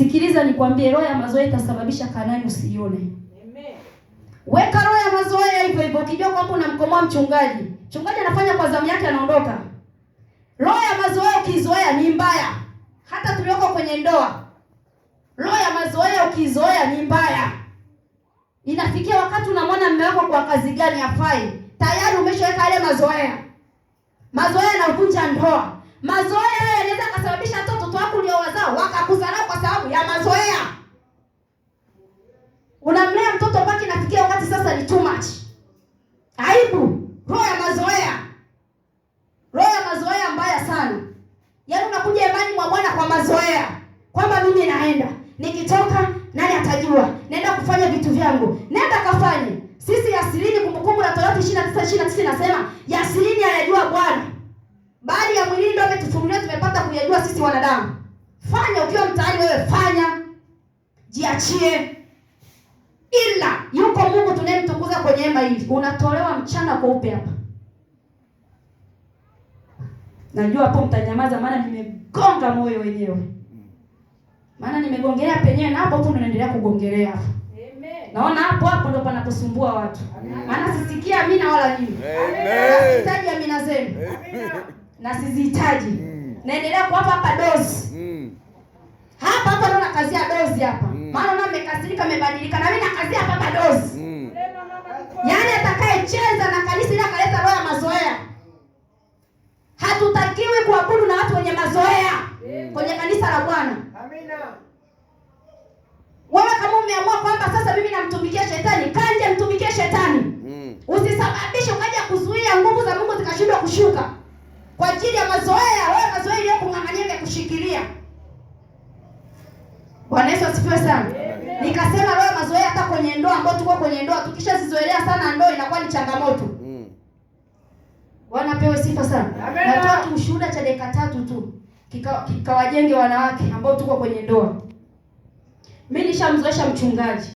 Sikiliza nikwambie, roho ya mazoea itasababisha Kanani usione. Amen. Weka roho ya mazoea hivyo hivyo, ukijua kwamba unamkomoa mchungaji, mchungaji anafanya kwa zamu yake, anaondoka. Roho ya mazoea ukizoea ni mbaya, hata tulioko kwenye ndoa. Roho ya mazoea ukizoea ni mbaya, inafikia wakati unamwona mume wako kwa kazi gani afai, tayari umeshaweka yale mazoea. Mazoea yanavunja ndoa, mazoea yanaweza kusababisha watoto wako uliowazao wakaku kufikia wakati sasa ni too much. Aibu, roho ya mazoea, roho ya mazoea mbaya sana. Yaani unakuja imani mwa Bwana kwa mazoea, kwamba mimi naenda nikitoka, nani atajua? Naenda kufanya vitu vyangu, nenda kafanye. Sisi yasilini, Kumbukumbu la Torati 29:29 inasema yasilini anajua Bwana, baadhi ya mwilini ndio ametufunulia, tumepata kuyajua sisi wanadamu. Fanya ukiwa mtaani, wewe fanya, jiachie, ila kama hivi, unatolewa mchana kweupe hapa. Najua hapo mtanyamaza, maana nimegonga moyo wenyewe, maana nimegongelea penyewe, na hapo tu naendelea kugongelea hapo. Naona hapo hapo ndo panaposumbua watu, maana sisikia amina wala jini, nasihitaji amina zenu na sizihitaji mm. Naendelea kuwapa hapa dozi mm. hapa hapa naona kazia dozi hapa mm. maana na mmekasirika, mmebadilika, na mimi nakazia hapa hapa dozi kwenye kanisa la Bwana. Amina. Wewe kama umeamua kwamba sasa mimi namtumikia shetani, kaa mtumikie shetani mm. Usisababishe ukaja kuzuia nguvu za Mungu zikashindwa kushuka kwa ajili ya mazoea, wewe mazoea iliyokung'ang'ania vya kushikilia. Bwana Yesu asifiwe sana. Nikasema wewe mazoea, hata kwenye ndoa ambayo tuko kwenye ndoa, tukishazizoelea sana ndoa inakuwa ni changamoto. Mm. Bwana apewe sifa sana. Natoa tu ushuhuda kikawajenge kika wanawake ambao tuko kwenye ndoa. Mimi nishamzoesha mchungaji